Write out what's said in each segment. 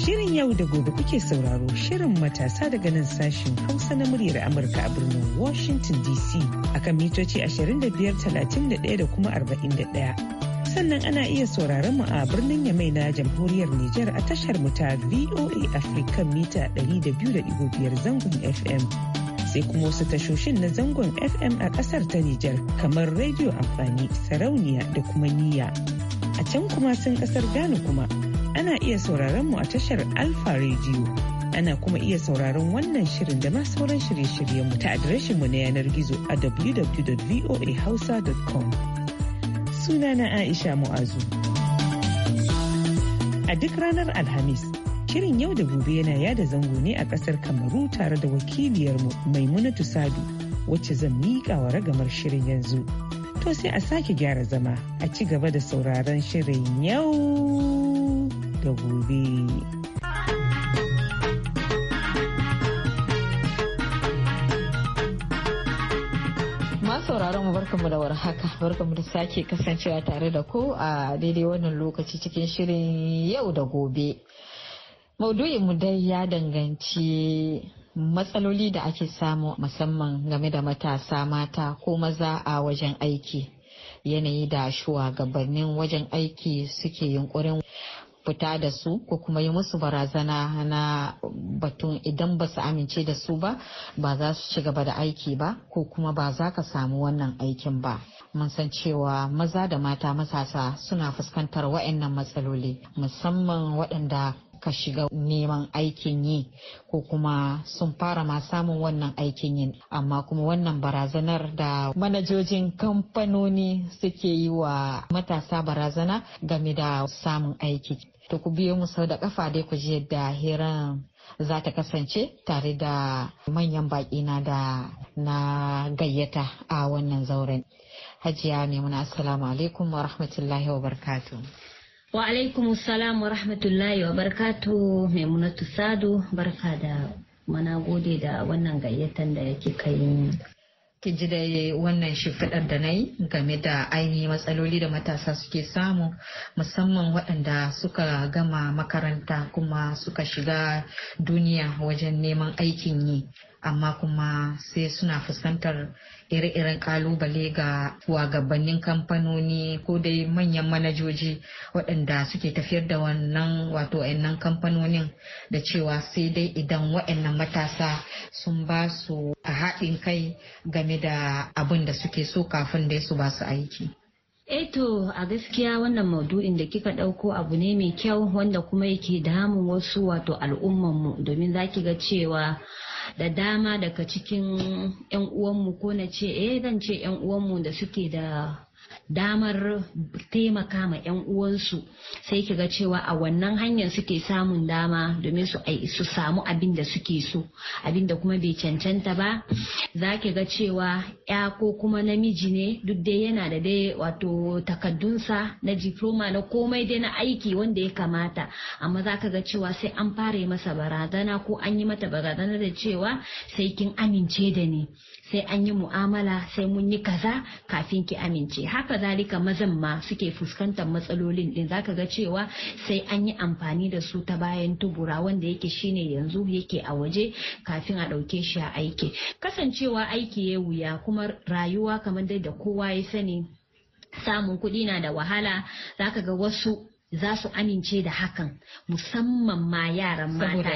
Shirin yau da gobe kuke sauraro shirin matasa daga nan sashen Hausa na muryar Amurka a birnin Washington DC akan mitoci 25,31 da kuma 41. Sannan ana iya sauraron mu a birnin Yamai na jamhuriyar Nijar a tashar mu ta VOA Africa mita 200.5 zangon FM. sai kuma wasu tashoshin na zangon FM a kasar ta Nijar kamar Radio Amfani, Sarauniya da kuma Niyya. A can kuma sun kasar Ghana kuma ana iya sauraron mu a tashar Alfa Radio. Ana kuma iya sauraron wannan shirin da ma sauran shirye-shiryen mu ta adireshin mu na yanar gizo a www.voahausa.com. na Aisha Mu'azu. A duk ranar Alhamis, shirin yau da gobe yana yada zango ne a kasar Kamaru tare da wakiliyarmu Maimunatu Sadu, wacce zan miƙa wa ragamar shirin yanzu. to sai a sake gyara zama a ci gaba da sauraron shirin yau da gobe. sauraron mu barkamu da warhaka barkamu da sake kasancewa tare da ku a daidai wannan lokaci cikin shirin yau da gobe. mu dai ya danganci matsaloli da ake samu musamman game da matasa mata ko maza a wajen aiki. yanayi da gabanin wajen aiki suke yunkurin fita da su ko kuma yi musu barazana na batun idan ba su amince da su ba ba za su ci gaba da aiki ba ko kuma ba za ka samu wannan aikin ba mun san cewa maza da mata matasa suna fuskantar waɗannan matsaloli musamman waɗanda ka shiga neman aikin yi ko kuma sun fara ma samun wannan aikin yi amma kuma wannan barazanar da manajojin kamfanoni suke yi wa matasa barazana game da samun aiki to ku biyo mu sau da kafa dai ku je yadda hiran za ta kasance tare da manyan baƙi na da na gayyata a wannan zauren hajiya maimuna assalamu alaikum wa rahmatullahi wa barkatu Wa alaikum salam wa rahmatullahi wa barkatu Maimunatu Sadu barka da mana gode da wannan gayyatan da yake kai ki ji da wannan shifidar da na yi game da ainihin matsaloli da matasa suke samu musamman waɗanda suka gama makaranta kuma suka shiga duniya wajen neman aikin yi amma kuma sai suna fuskantar ire-iren kalubale ga gabanin kamfanoni ko dai manyan manajoji waɗanda suke tafiyar da wannan wato wa'annan kamfanonin da cewa sai dai idan waɗannan matasa sun ba su a haɗin kai game da abin da suke so kafin dai su ba su aiki. Eto eh a gaskiya wannan maudu'in da kika ɗauko abu ne mai kyau wanda kuma yake damun wasu wato al'ummanmu domin za ki ga cewa da dama daga cikin 'yan uwanmu ko na ce eh zan ce 'yan uwanmu da suke da damar taimaka ma 'yan uwansu sai ki ga cewa a wannan hanyar suke samun dama domin su su samu abin da suke so abin da kuma bai cancanta ba za ki ga cewa 'ya ko kuma namiji ne duk dai yana da dai wato takaddunsa na diploma na komai dai na aiki wanda ya kamata amma za ka ga cewa sai an fara yi masa barazana ko an yi mata barazana da cewa sai kin amince da ni sai an yi mu'amala sai mun yi kaza kafin ki amince haka zalika mazan ma suke fuskantar matsalolin din zaka ga cewa sai an yi amfani da su ta bayan tubura wanda yake shine yanzu yake a waje kafin a ɗauke shi a aiki kasancewa aiki ya wuya kuma rayuwa kamar dai da kowa ya sani samun kuɗi na da wahala zaka ga wasu za su amince da hakan musamman ma yaran mata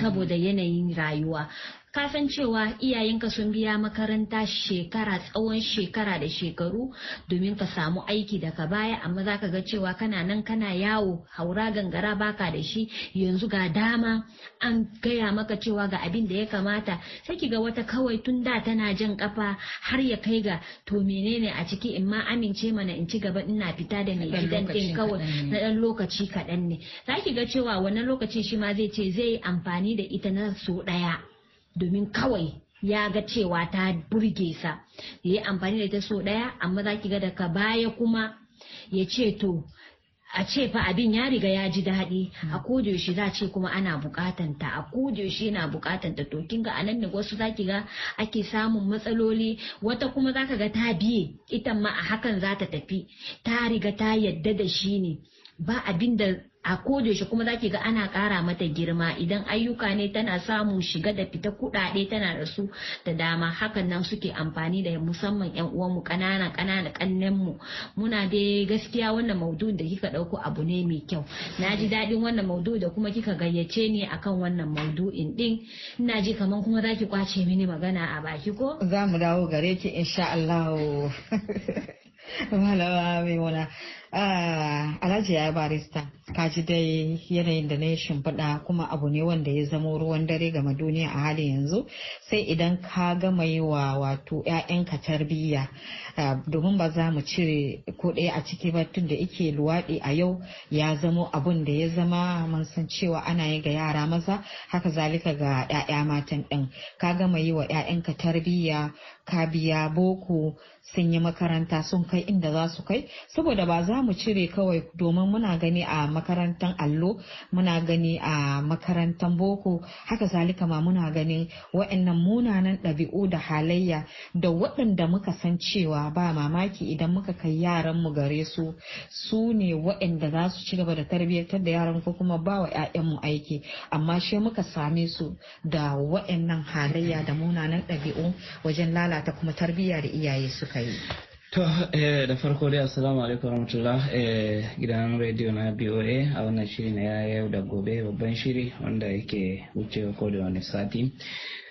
saboda yanayin rayuwa ka san cewa iyayenka sun biya makaranta shekara tsawon shekara da shekaru domin ka samu aiki daga baya amma za ka ga cewa kana nan kana yawo haura gangara baka da shi yanzu ga dama an gaya maka cewa ga abin da ya kamata sai ki ga wata kawai tun da tana jan kafa har ya kai ga to menene a ciki in ma amince mana in ci gaba ina fita da mai gidan din kawai na dan lokaci kaɗan ne za ki ga cewa wannan lokaci shi ma zai ce zai amfani da ita na so ɗaya domin kawai ya ga cewa ta burge sa ya yi amfani da ita so ɗaya amma za ki ga daga baya kuma ya ce to a ce fa abin ya riga ya ji daɗi a kodayaushe za ce kuma ana bukatanta a kodayaushe yana bukatanta to kin ga nan ne wasu za ki ga ake samun matsaloli wata kuma za ka ga ta biye ita ma a hakan za ta tafi ta riga ta yadda da shi ne ba abin da a kodayaushe kuma zaki ga ana kara mata girma idan ayyuka ne tana samu shiga da fita kuɗaɗe tana da su da dama hakan nan suke amfani da musamman yan uwanmu ƙanana ƙanana ƙannen mu muna dai gaskiya wannan maudu'in da kika ɗauko abu ne mai kyau na ji daɗin wannan maudu'i da kuma kika gayyace ni akan wannan maudu'in ɗin ina ji kaman kuma zaki kwace mini magana a baki ko za mu dawo gare ki insha Allah malama mai Ah, alhaji ya barista ka ji dai yanayin da na yi shimfiɗa kuma abu ne wanda ya zama ruwan dare game duniya a halin yanzu sai idan ka gama yi wa wato 'ya'yanka tarbiyya ah, domin ba za mu cire ko ɗaya a ciki ba tun da ike luwaɗi a yau ya zamo abun da ya zama mun san cewa ana yi ga yara maza haka zalika ga 'ya'ya matan ɗin ka gama yi wa 'ya'yanka tarbiyya ka biya boko sun yi makaranta sun kai inda za su kai saboda ba za mu cire kawai domin muna gani a makarantar allo muna gani a makarantar boko haka zalika ma muna gani wa'annan munanan ɗabi'u da halayya da waɗanda muka san cewa ba mamaki idan muka kai yaran mu gare su su ne waɗanda za su ci gaba da tarbiyyar da yaran ko kuma ba wa mu aiki amma shi muka same su da waɗannan halayya da munanan ɗabi'u wajen lalata kammala ta kuma tarbiyya da iyaye suka yi To, eh, da farko dai assalamu alaikum warahmatullah eh, gidan rediyo na BOA a wannan shiri na yau da gobe babban shiri wanda yake wucewa ko da wani sati.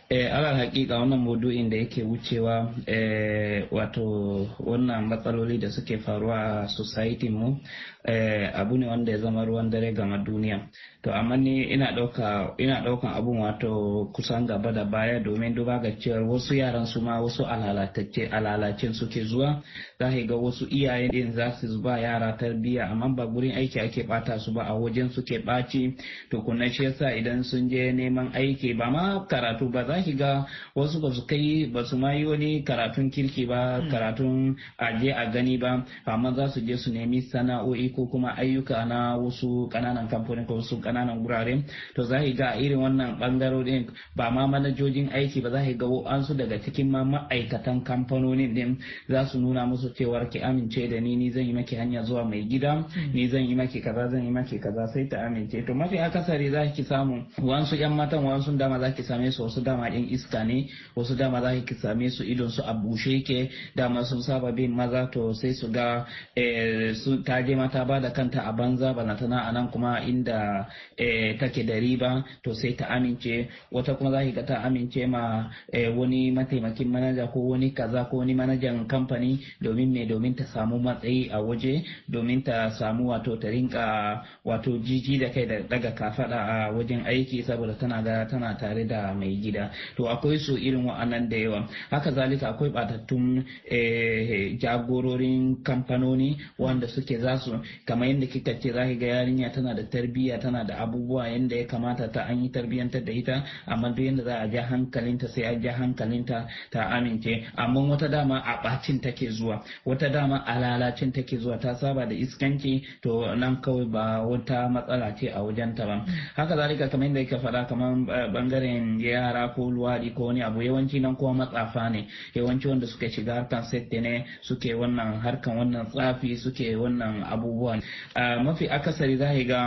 Eh, alal hakika wannan maudu'in da yake wucewa eh, wato wannan matsaloli da suke faruwa a society mu Eh, abu ne wanda ya zama ruwan dare gama duniya to amma ni ina ɗaukan abun wato kusan gaba da baya domin duba ga cewa wasu yaran su ma wasu alalacin suke zuwa za ga wasu iyaye din za su ba yara tarbiyya amma ba gurin aiki ake bata su ba a wajen suke ɓaci to kuna shi yasa idan sun je neman aiki ba ma karatu ba za ga wasu ba su kai ba su ma yi wani karatun kirki ba mm. karatun aje a gani ba amma za su je su nemi sana'o'i ko kuma ayyuka na wasu kananan kamfani ko wasu kananan gurare to za ga irin wannan bangarorin ba ma manajojin aiki ba za ga an su daga cikin ma ma'aikatan kamfanonin din za su nuna musu cewa ki amince da ni ni zan yi maki hanya zuwa mai gida ni zan yi maki kaza zan yi maki kaza sai ta amince to mafi akasari za ki samu wasu yan matan wasu dama za ki same su wasu dama yan iska ne wasu dama za ki same su idon su a bushe ke dama sun saba bin maza to sai su ga eh, su ta je mata ta ba da kanta a banza bana tana a nan kuma inda eh, take da riba to sai ta amince wata kuma za ki ga ta amince ma eh, wani mataimakin manaja ko wani kaza ko wani manajan kamfani domin me domin ta samu matsayi a waje domin ta samu wato ta rinka wato jiji da kai da daga kafada a wajen aiki saboda tana ga tana tare da mai gida to akwai su irin wa'annan da yawa haka zalika akwai batattun eh, jagororin kamfanoni wanda suke za su kamar yadda kika ce zaki ga yarinya tana da tarbiyya tana da abubuwa yadda ya kamata ta an yi tarbiyyantar da ita amma duk yadda za a ja hankalinta sai a ja hankalinta ta amince amma wata dama a bacin take zuwa wata dama a lalacin take zuwa ta saba da iskanci to nan kawai ba wata matsala ce a wajenta ba haka zalika kamar yadda kika faɗa kamar bangaren yara ko luwaɗi ko wani abu yawanci nan kuma matsafa ne yawanci wanda suka shiga harkan sette ne suke wannan harkan wannan tsafi suke wannan abubuwa abubuwan mafi akasari za ga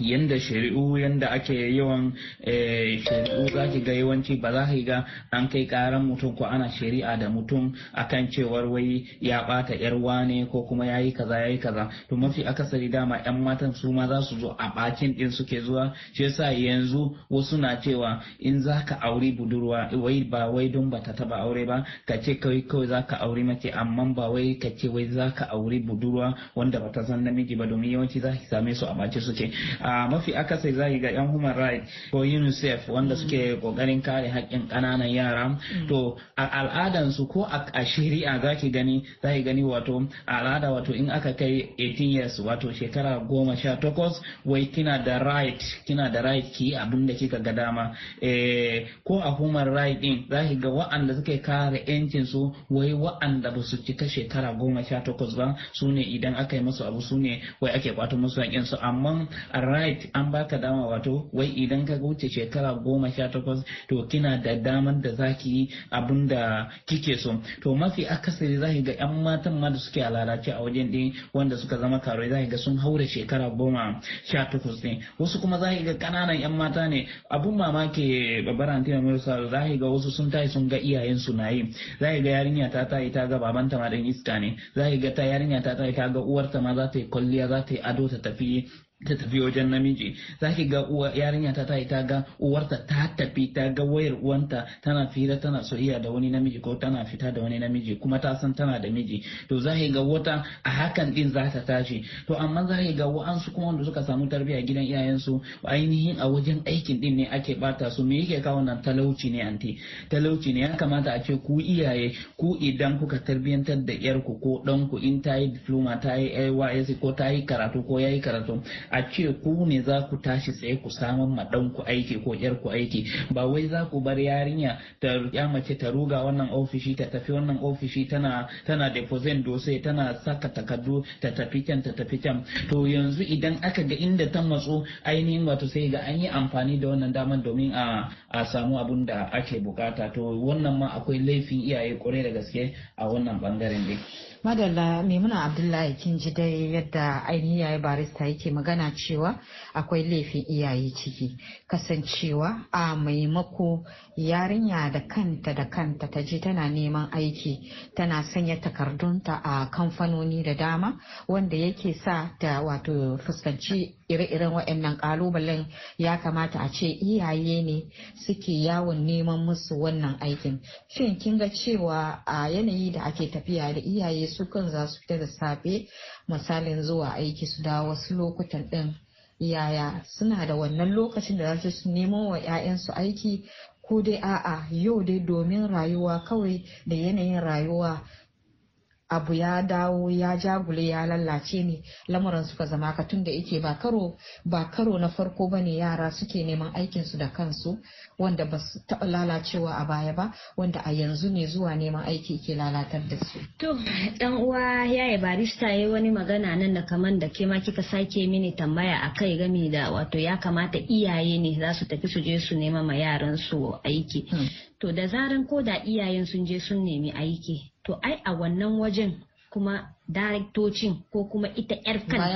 yanda shari'u yanda ake yawan eh, shari'u za ki ga yawanci ba za ki ga an kai karan mutum ko ana shari'a da mutum akan cewar wai ya bata yar ne ko kuma yayi kaza yayi kaza to mafi akasari dama yan matan su ma za su zo a bakin din suke zuwa shi yasa yanzu wasu na cewa in za ka auri budurwa wai ba wai don bata taba aure ba ka ce kawai kawai za ka auri mace amma ba wai ka ce wai za ka auri budurwa wanda bata san namiji ba domin yawanci za ki same su a bace suke a mafi akasai zaki ga yan human rights ko unicef wanda suke kokarin mm. kare haƙƙin ƙananan yara mm. to a al'adansu ko a shari'a ki gani za ki gani wato al'ada wato in aka kai 18 years wato shekara goma sha takwas wai kina da right kina da right ki abin da kika ga dama eh, ko a human right din ki ga wa'anda suke kare yancin su wai wa'anda ba su cika shekara goma sha takwas ba su ne idan aka yi musu abu su ne wai ake kwato musu haƙƙin su amma right an baka dama wato wai idan ka wuce shekara goma sha takwas to kina da daman da zaki yi abin da kike so to mafi akasari zaki ga yan matan ma da suke lalace a wajen din wanda suka zama karuwa zaki ga sun haura shekara goma sha takwas din wasu kuma zaki ga kananan yan mata ne abun mamaki antina tina mirsa zaki ga wasu sun tayi sun ga iyayensu na yi zaki ga yarinya ta tayi ta ga babanta ma dan iska ne zaki ga ta yarinya ta tayi ta ga uwarta ma za ta yi kwalliya za ta yi ado ta tafi ta tafi wajen namiji za ki ga uwa yarinya ta tayi ta ga uwarta ta tafi ta ga wayar uwanta tana fira tana soyayya da wani namiji ko tana fita da wani namiji kuma ta san tana da miji to za ga wata a hakan din za ta tashi to amma za ki ga wa'ansu kuma wanda suka samu tarbiyya gidan iyayensu ainihin a wajen aikin din ne ake bata su me yake kawo nan talauci ne anti talauci ne ya kamata a ce ku iyaye ku idan kuka tarbiyyantar da yarku ko ɗanku in ta yi diploma ta yi AYS ko ta yi karatu ko ya yi karatu a ce ku ne za ku tashi tsaye ku samun ma ku aiki ko ku aiki ba wai za ku bar yarinya ta ya mace ta ruga wannan ofishi ta tafi wannan ofishi tana tana deposit dose tana saka takardu ta tafi can ta tafi can to yanzu idan aka ga inda ta matsu ainihin wato sai ga an yi amfani da wannan daman domin a a samu abun da ake bukata to wannan ma akwai laifin iyaye kwarai da gaske a wannan bangaren dai madalla maimuna abdullahi kin ji dai yadda ainihin yayi barista yake magana cewa akwai laifin iyaye ciki kasancewa a maimako yarinya da kanta da kanta ta ji tana neman aiki tana sanya takardunta a kamfanoni da dama wanda yake sa ta wato fuskanci ire-iren waɗannan ƙalubalen ya kamata a ce iyaye ne suke yawon neman musu wannan aikin shin kin ga cewa a yanayi da ake tafiya da iyaye su kan za su fita da safe misalin zuwa aiki su dawo wasu lokutan ɗin yaya suna da wannan lokacin da za su nemo wa 'ya'yansu aiki ko dai a'a yau dai domin rayuwa kawai da yanayin rayuwa abu ya dawo ya jagule ya lallace ne lamuran suka zama ka tun da yake ba karo ba karo na farko bane yara suke neman aikin su da kansu wanda ba su taɓa lalacewa a baya ba wanda a yanzu ne zuwa neman aiki ke lalatar da su. To dan uwa yaya barista yayi wani magana nan da kaman da ke ma kika sake mini tambaya a kai game da wato ya kamata iyaye ne za su tafi su je su nema ma yaran su aiki. Hmm. To da zaran ko da iyayen sun je sun nemi aiki to ai a wannan wajen kuma daraktocin ko kuma ita 'yar kanta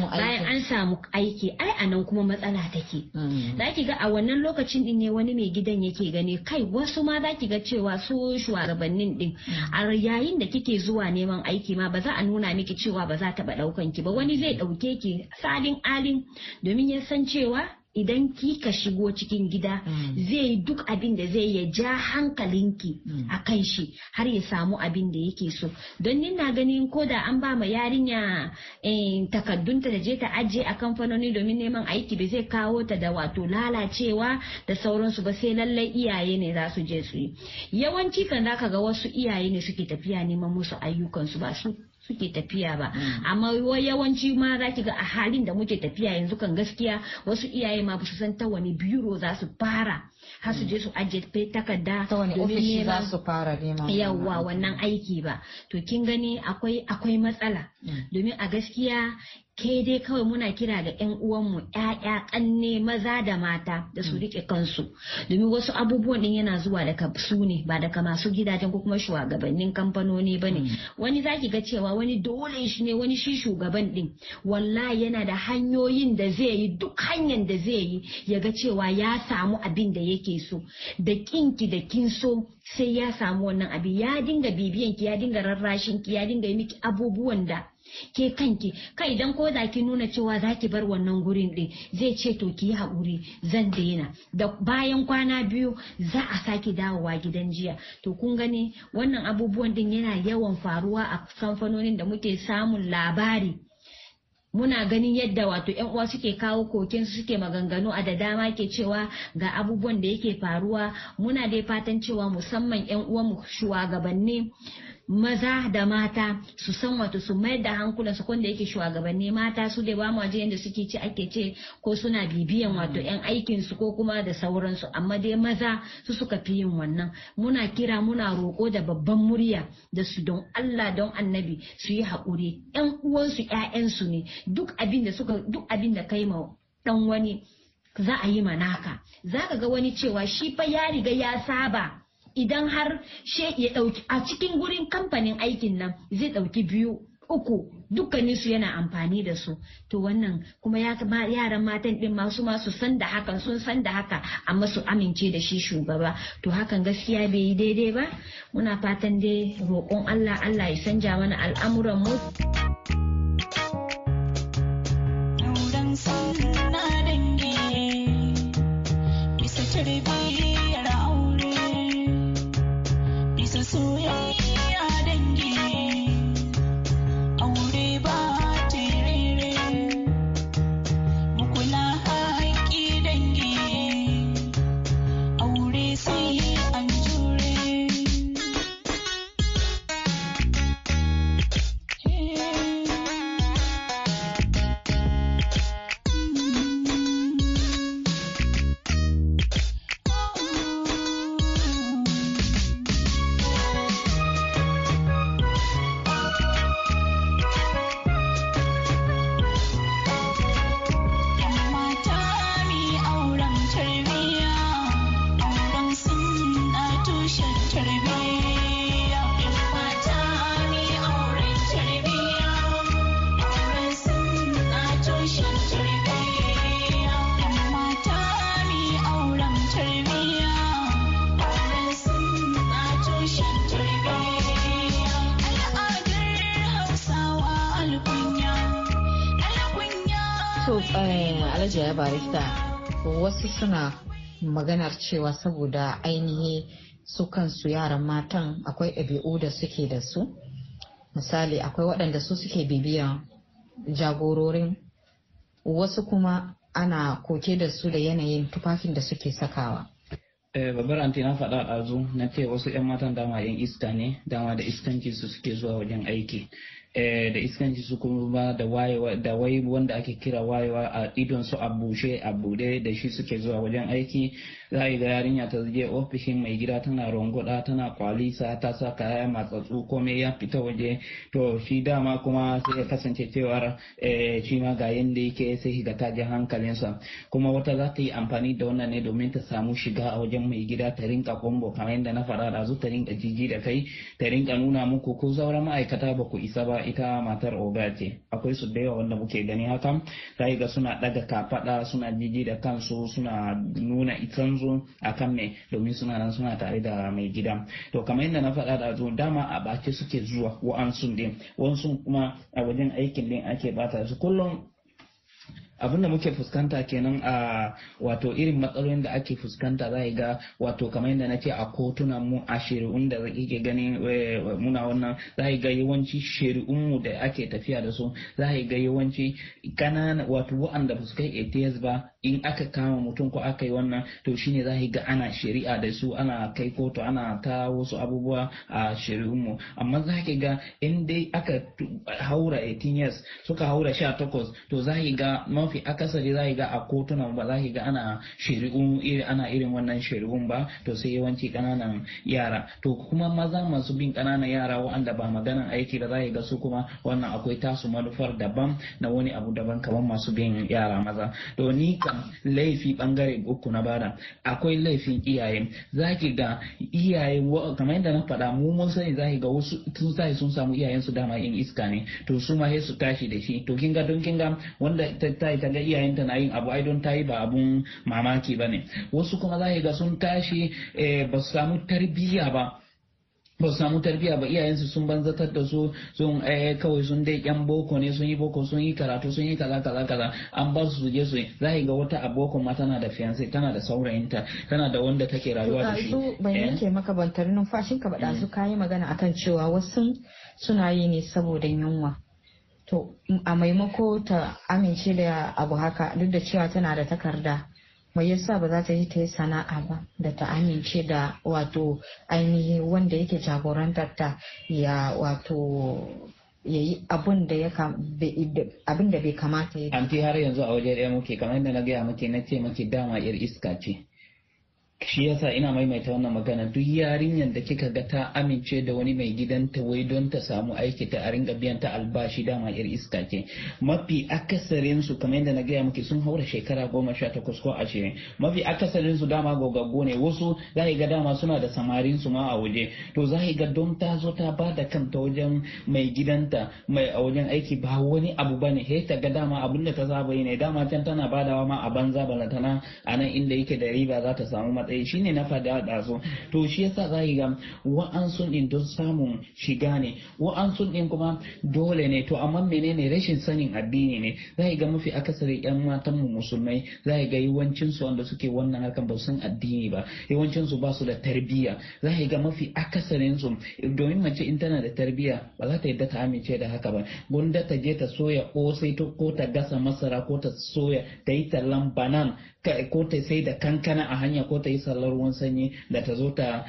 bayan an samu aiki ai a nan kuma matsala take mm. za ki ga a wannan lokacin din ne wani mai gidan yake gani kai wasu ma za ki ga cewa su shugabannin din mm. a yayin da kike zuwa neman aiki ma ba za a nuna miki cewa ba za ta ba ki ba wani zai ɗauke ki salin alin domin ya san cewa idan ki ka shigo cikin gida mm. zai yi duk abin da zai ya ja hankalinki mm. a kan shi har ya samu abin da yake so don nina ganin ko da an ba ma yarinya eh, takaddunta da je ta ajiye a kamfanoni domin neman aiki ba zai kawo ta da wato lalacewa da sauransu ba sai lallai iyaye ne za su je su yi yawanci kan ka ga wasu iyaye ne suke tafiya neman musu ayyukansu ba su suke tafiya ba mm. amma yawanci ma za ki ga a halin da muke tafiya yanzu kan gaskiya wasu iyaye ma su san ta wani biro za su fara har su mm. je su ajiye takarda ta wani ofishi za su fara yawa wannan aiki ba to kin gani akwai akwai matsala mm. domin a gaskiya ke dai kawai muna kira da 'yan uwanmu 'ya'ya kanne maza da mata da su mm. rike kansu domin wasu abubuwan din yana zuwa daga su ne ba daga masu gidajen ko kuma shugabannin kamfanoni ba ne mm. wani zaki ga cewa wani dole shi ne wani shi shugaban din wallahi yana da hanyoyin da zai yi duk hanyar da zai yi ya ga cewa ya samu abin da yake so da kinki da kin so sai ya samu wannan abin ya dinga bibiyanki ya dinga rarrashinki ya dinga yi miki abubuwan da ke kanki kai idan ko za ki nuna cewa za ki bar wannan gurin din zai ce to ki yi haƙuri zan daina da bayan kwana biyu za a sake dawowa gidan jiya to kun gani wannan abubuwan din yana yawan faruwa a kamfanonin da muke samun labari muna ganin yadda wato yan uwa suke kawo kokin suke maganganu a da dama ke cewa ga abubuwan da yake faruwa muna dai fatan cewa musamman yan uwa mu shugabanni maza da mata su san wato su mayar da hankula su kwanda yake shugabanni mata su da ba mu waje yadda suke ci ake ce ko suna bibiyan wato yan mm. aikin su ko kuma da sauransu amma dai maza su suka fi yin wannan muna kira muna roko da babban murya da su don Allah don annabi su yi haƙuri yan uwansu 'ya'yansu ne duk abin da suka duk abin da kai ma dan wani za a yi manaka za ka ga wani cewa shi fa ya riga ya saba idan har she ya ɗauki a cikin gurin kamfanin aikin nan zai ɗauki biyu uku dukkanin su yana amfani da su to wannan kuma yaran matan ɗin masu masu san da haka, sun san da haka amma su amince da shi shugaba to hakan gaskiya bai yi daidai ba muna fatan dai roƙon Allah Allah ya sanja mana al'amuran mu Bisa tarbiyyar Sweet. Eh, alhaji ya barista wasu suna maganar cewa saboda ainihi su kansu yaran matan akwai ɗabi'u da suke da su misali akwai waɗanda su suke bibiyan jagororin wasu kuma ana koke da su da yanayin tufafin da suke sakawa Eh, babbar anti na faɗa ɗazu na ce wasu 'yan matan dama 'yan iska ne dama da iskanci su suke zuwa wajen aiki eh, da iskanci su kuma da wai wanda ake kira wayewa a idon su a bushe a bude da shi suke zuwa wajen aiki za a yi ga yarinya ta je ofishin mai gida tana rongwada tana kwalisa ta sa kaya matsatsu komai ya fita waje to shi dama kuma sai ya kasance cewar eh, shi ma ga yanda yake sai ga ta ji hankalinsa kuma wata za ta yi amfani da wannan ne domin ta samu shiga a wajen mai gida ta rinka kombo kamar yadda na faɗa da ta rinka jiji da kai ta rinka nuna muku ko sauran ma'aikata ba ku isa ba ita matar oga ce akwai su da yawa wanda muke gani hakan za ga suna ɗaga kafaɗa suna jiji da kansu suna nuna itan sun a kan me domin suna nan suna tare da mai gida to kamar yadda na faɗa da zuwa dama a baki suke zuwa wa'ansu din wasu kuma a wajen aikin din ake bata su kullum abin da muke fuskanta kenan a wato irin matsalolin da ake fuskanta za ga wato kamar yadda na a kotunan mu a shari'un da ke ganin eh, muna wannan za ga yawanci shari'un mu da ake tafiya da su za ga yawanci kanan wato wa'anda ba su kai ATS ba in aka kama mutum ko aka yi wannan to shine za ga ana shari'a da su ana kai kotu ana ta wasu abubuwa a shari'un mu amma za ga in dai aka haura 18 years suka haura 18 to za ga mafi akasari za ga a kotuna ba za ga ana shari'un iri ana irin wannan shari'un ba to sai yawanci kananan yara to kuma maza masu bin kananan yara wa'anda ba maganan aiki da za ga su kuma wannan akwai tasu manufar daban na wani abu daban kamar masu bin yara maza to ni kam laifi bangare uku na bada akwai laifin iyaye za ki ga iyaye kamar yadda na faɗa mu mun sani za ki ga wasu sun sai sun samu iyayensu dama yin iska ne to su ma sai su tashi da shi to kinga don kinga wanda ta yi ta ga iyayenta na yin abu ai don ta yi ba abun mamaki ba ne wasu kuma za ga sun tashi eh, ba su samu tarbiyya ba ba su samu tarbiyya ba iyayensu sun banzatar da su sun eh, kawai sun dai yan boko ne sun yi boko sun yi karatu sun yi kaza kaza kaza an ba su je su za ga wata abokon ma tana da fiance tana da saurayinta tana da wanda take rayuwa da shi ban eh? yanke maka ban tari numfashin mm. ka ba su kayi magana akan cewa wasu suna yi ne saboda yunwa to a maimako ta amince da abu haka duk da cewa tana da takarda mai yasa ba za ta yi ta yi sana'a ba da ta amince da wato ainihi wanda yake jagorantar ta ya wato ya yi abin da bai kamata ya an fi har yanzu a waje ɗaya muke kamar yadda na gaya muke na ce muke dama yar iska ce shi yasa ina maimaita wannan magana duk yarinyar da kika ga ta amince da wani mai gidan ta wai don ta samu aiki ta a ringa biyan ta albashi dama yar iska ke mafi akasarin su kamar yadda na gaya muke sun haura shekara goma sha takwas ko ashirin mafi akasarin su dama gogaggo ne wasu za ga dama suna da samarin su ma a waje to za ga don ta zo ta ba da kanta wajen mai gidanta mai a wajen aiki ba wani abu bane he ta ga dama abin da ta saba ne dama can tana badawa ma a banza balantana a nan inda yake da riba za ta samu matsayi Eh, shi ne na fada ɗazu to shi yasa za ki ga wa'ansu ɗin don samun shiga ne wa'ansu ɗin kuma dole ne to amma menene rashin sanin addini ne za yi ga mafi akasari yan matan mu musulmai za yi ga yawancin su wanda suke wannan harkan ba su san addini ba yawancin su ba su da tarbiyya za yi ga mafi akasarin su domin mace in tana da tarbiyya ba za ta yadda ta amince da haka ba gunda ta je ta soya kosai ko ta gasa masara ko ta soya ta yi tallan banan ko ta sai da kankana a hanya ko ta yi yi sallar ruwan sanyi da ta zo ta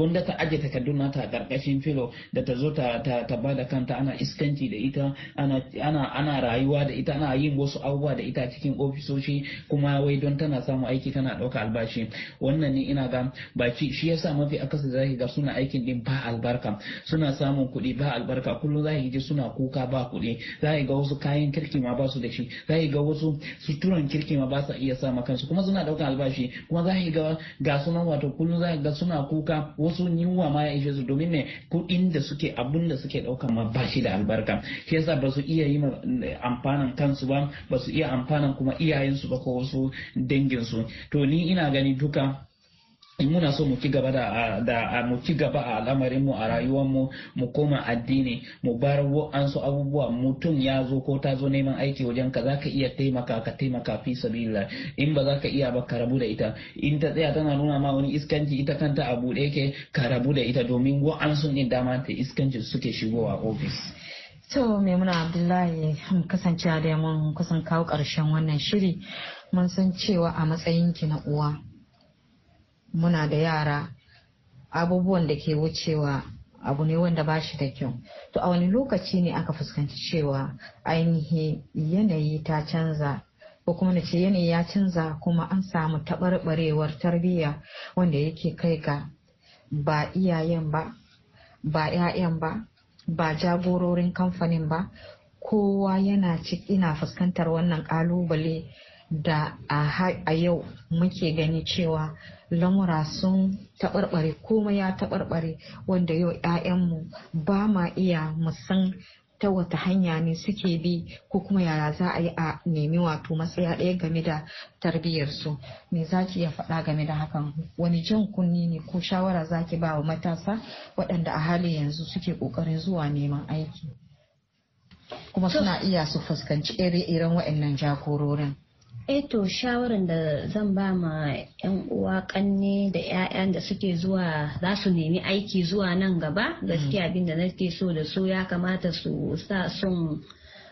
gonda ta aje takardun ta karkashin filo da ta zo ta ta da kanta ana iskanci da ita ana rayuwa da ita ana yin wasu abubuwa da ita cikin ofisoshi kuma wai don tana samu aiki tana ɗauka albashi wannan ne ina ga ba shi yasa mafi akasari zaki ga suna aikin din ba albarka suna samun kuɗi ba albarka kullum zaki ji suna kuka ba kuɗi zaki ga wasu kayan kirki ma ba su da shi zaki ga wasu suturan kirki ma ba sa iya sa kansu kuma suna ɗaukan albashi kuma za ga ga sunan wato kullum za ga suna kuka wasu yunwa ma ya ishe su domin ne kuɗin da suke abun da suke ɗaukan ma ba shi da albarka shi yasa ba su iya yi eh, amfanan kansu ba ba su iya amfanan kuma iyayensu ba ko wasu danginsu to ni ina gani duka in muna so mu fi gaba da da mu ci gaba a al'amarin mu a rayuwar mu mu koma addini mu bar wa'ansu abubuwa mutum ya zo ko ta zo neman aiki wajen ka zaka iya taimaka ka taimaka fi sabila in ba zaka iya ba ka rabu da ita in ta tsaya tana nuna ma wani iskanci ita kanta a bude yake ka rabu da ita domin wa'ansu ne dama ta iskanci suke shigowa ofis To muna Abdullahi mun kasance da mun kusan kawo ƙarshen wannan shiri mun san cewa a matsayin ki na uwa muna da yara abubuwan da ke wucewa abu ne wanda ba shi da kyau to a wani lokaci ne aka fuskanci cewa ainihi yanayi ta canza ko kuma na ce yanayi ya canza kuma an samu taɓarɓarewar tarbiyya wanda yake kai ga ba iyayen ba ba 'ya'yan ba ba jagororin kamfanin ba kowa yana na fuskantar wannan ƙalubale da a yau muke gani cewa lamura sun taɓarɓare komai ya taɓarɓare wanda yau 'ya'yanmu ba ma iya musan ta wata hanya ne suke bi ko kuma yaya za a yi a nemi wato matsaya ɗaya game da tarbiyyarsu me za ki iya faɗa game da hakan wani jan kunni ne ko shawara za ki ba wa matasa waɗanda a halin yanzu suke ƙoƙarin zuwa neman aiki kuma suna iya su fuskanci ire-iren waɗannan jagororin Eto eh shawarar da zan ba ma 'yan uwa kanne da 'ya'yan da suke zuwa za su nemi aiki zuwa nan gaba mm. gaskiya abin da nake so da su ya kamata su sa son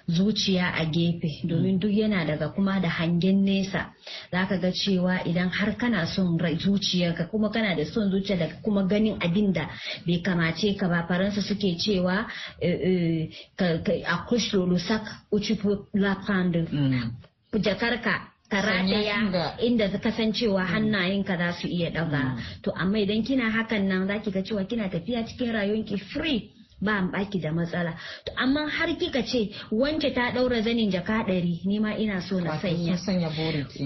zuciya a gefe mm. domin duk yana daga kuma da hangen nesa za ka ga cewa idan har kana son zuciyarka kuma kana da son zuciya da kuma ganin abin da bai kamace ka ba faransa suke cewa eh, eh, a kushe lusak sac uchi jakarka ka rataya inda ka san cewa mm. hannayenka za su iya daga mm. to amma idan kina hakan nan zaki ga cewa kina tafiya cikin rayuwanki free ba baki da matsala To amma har kika ce wance ta daura zanin jaka ɗari ni ma ina so na sanya sanya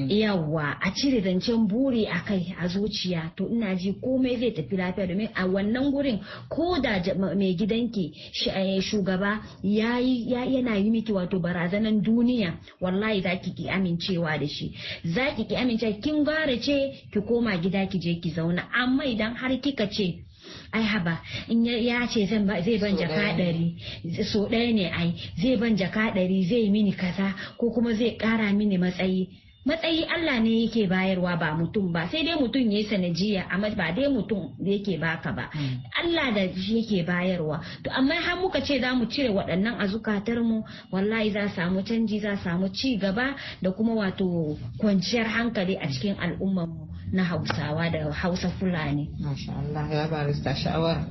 yawa a cire zancen buri a kai a zuciya to ina ji komai zai tafi lafiya domin a wannan gurin ko da mai gidanki eh, shugaba yana yi miki wato barazanan duniya wallahi za ki ki amincewa da shi za ki ki amincewa kin gara ce ki koma gida ki je ki zauna amma idan har kika ce ai haba in ya ce zan ba zai ban jaka ɗari so ɗaya ne ai zai ban jaka ɗari zai mini kaza ko kuma zai ƙara mini matsayi matsayi Allah ne yake bayarwa ba mutum ba sai dai mutum ya yi sanajiya amma ba dai mutum da yake baka ba hmm. Allah da shi yake bayarwa to amma har muka ce za mu cire waɗannan azukatar mu wallahi za samu canji za samu ci gaba da kuma wato kwanciyar hankali a cikin al'ummar mu na hausawa da hausa fulani. Masha Allah ya barista sha'awar.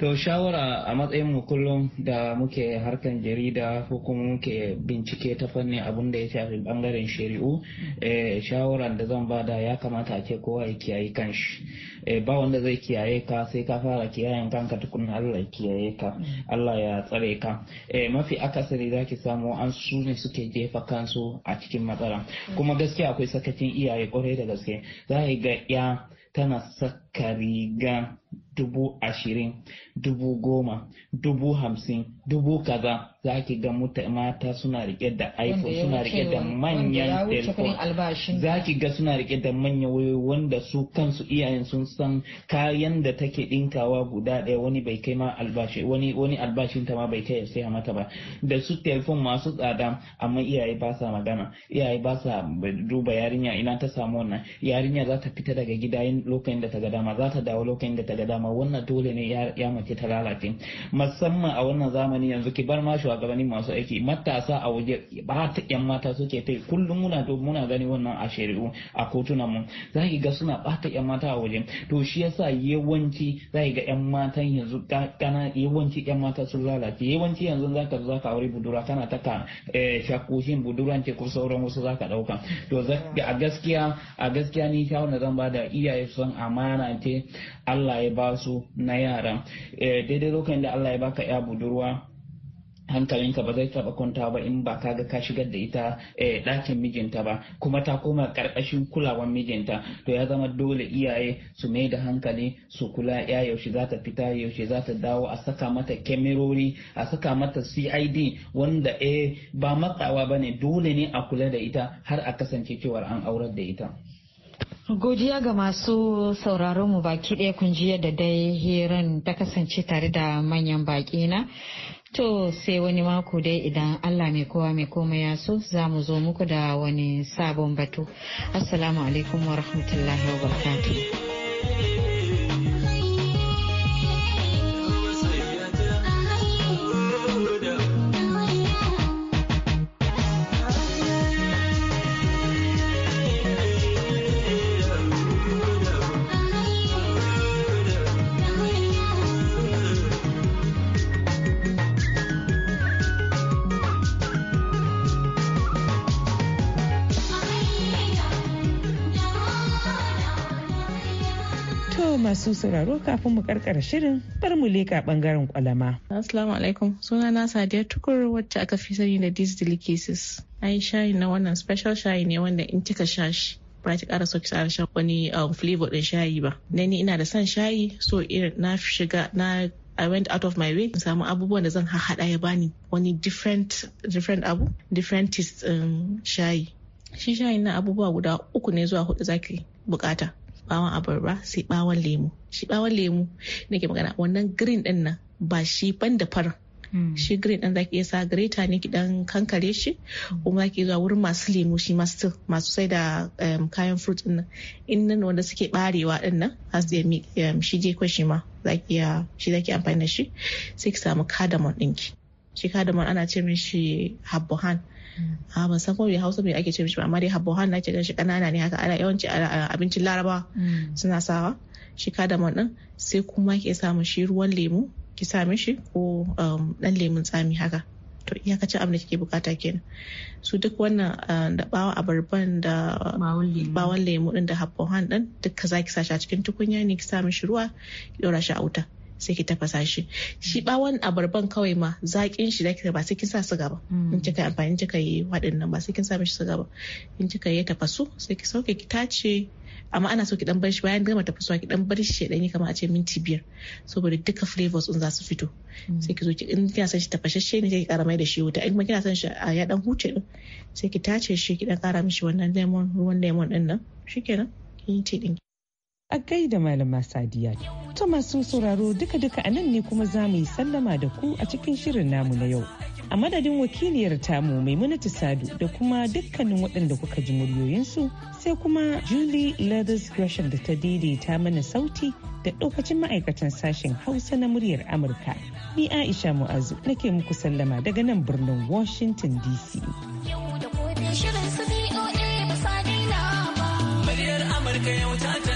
To shawara a matsayin mu kullum da muke harkan jarida ko kuma muke bincike ta fanni abin da ya shafi bangaren shari'u eh, shawaran da zan bada ya kamata a ce kowa ya kiyaye kanshi eh, ba wanda zai kiyaye ka sai ka fara kiyayen kanka tukun Allah ya kiyaye ka Allah ya tsare ka eh, mafi akasari zaki samu an su ne suke jefa kansu a cikin matsala kuma gaskiya akwai sakacin iyaye kwarai da gaske za ga ya tana saka riga dubu ashirin dubu goma dubu hamsin dubu kaza za ki ga mata suna rike da iphone suna rike da manyan telefon za ki ga suna rike da manyan wayoyi wanda su kansu iyayen sun san kayan da take dinkawa guda daya wani bai kai ma albashi wani wani albashin ta ma bai kai sai mata ba da su telefon masu tsada amma iyaye ba sa magana iyaye ba sa duba yarinya ina ta samu wannan yarinya za ta fita daga gida lokacin da ta ga dama za ta dawo lokacin da ta ga dama wannan dole ne ya mace ta lalace musamman a wannan zamani yanzu ki bar ma shugabanni masu aiki matasa a waje ba ta yan mata suke ta kullum muna to muna gani wannan a shari'u a kotunan mu za ki ga suna bata yan mata a waje to shi yasa yawanci za ki ga yan matan yanzu kana yawanci yan mata sun lalace yawanci yanzu za ka aure budura kana ta ka eh, shakoshin ce ko sauran wasu zaka dauka to a gaskiya a gaskiya ni shawarar zan ba da iyaye sun amana ce Allah ya ba su na yara eh, daidai lokacin da Allah ya baka ya budurwa hankalinka ba zai taba kwanta ba in ba ka ga ka shigar da ita eh, ɗakin mijinta ba kuma ta koma ƙarƙashin kulawan mijinta to ya zama dole iyaye su mai da hankali su kula ya yaushe za ta fita yaushe za ta dawo a saka mata kemerori a saka mata cid wanda eh ba matsawa ba ne dole ne a kula da ita har a kasance cewar an aurar da ita. Godiya ga masu sauraron mu baki ɗaya kun ji yadda dai hiran ta kasance tare da manyan baki na. To sai wani mako dai idan Allah mai kowa mai koma ya so za mu zo muku da wani sabon batu. Assalamu alaikum wa rahmatullahi wa barakatuh. masu sauraro kafin mu karkara shirin bar mu leka bangaren kwalama. Assalamu alaikum suna na Sadiya Tukur wacce aka fi sani da these delicacies. Ai shayi na wannan special shayi ne wanda in kika sha shi ba ta ƙara sauki tsara shan wani um, flavor din shayi ba. Na ni ina da son shayi so irin na shiga na I went out of my way in samu abubuwan da zan haɗa ya bani wani different different abu different taste um, shayi. Shi shayi na abubuwa guda uku ne zuwa hudu zaki bukata. bawon abarba sai bawon lemu shi bawon lemu nake magana wannan green din nan ba shi ban da farin hmm. shi green din zaki iya sa greta ne ki dan kankare shi hmm. kuma zaki zuwa wurin masu lemu shi masu masu sai da um, kayan fruit din nan in nan wanda suke barewa din nan has da um, shi je ko shi ma zaki ya shi zaki amfani da shi sai ki samu cardamom ɗinki shi cardamom ana ce min shi habbohan a ah, ban san kuma hausa me ake ce mishi amma dai habbohan na ke shi kanana ne haka ana yawanci abincin laraba hmm. suna sawa shi kadamon din sai kuma ke samu shi ruwan lemu ki sa mishi ko dan um, lemun tsami haka to iyakacin abin da kike bukata kenan su duk wannan ah, da bawa abarban da bawan lemu din da habohan din duka zaki sa shi a cikin tukunya ne ki sa mishi ruwa ki dora shi a wuta sai ki tafasa shi shi bawon abarban kawai ma zaƙin shi da ba sai kin sa suga ba hmm. in kika amfani kika yi waɗannan ba sai kin sa mishi suga ba in kika yi tafasu sai ki sauke ki tace amma ana so ki dan bar shi bayan gama tafasuwa ki dan bar shi dan yi kamar a ce minti biyar saboda duka flavors din za su fito hmm. sai ki zo ki in kina son shi tafashashe ne sai ki kara mai da shi wuta in kina son shi a ya dan huce din sai ki tace shi ki dan kara mishi wannan lemon ruwan lemon din nan shikenan kin yi din a gaida malama sadiya ta masu sauraro duka-duka a nan ne kuma za mu yi sallama da ku a cikin shirin namu na yau. A madadin wakiliyar tamu Maimunatu Sadu da kuma dukkanin waɗanda kuka ji muryoyinsu sai kuma Julie Leathers Gresham da ta daidaita mana sauti da ɗaukacin ma'aikatan sashen Hausa na muryar Amurka. Ni Aisha Mu'azu nake muku sallama daga nan birnin Washington DC. Yau Muryar Amurka yau ta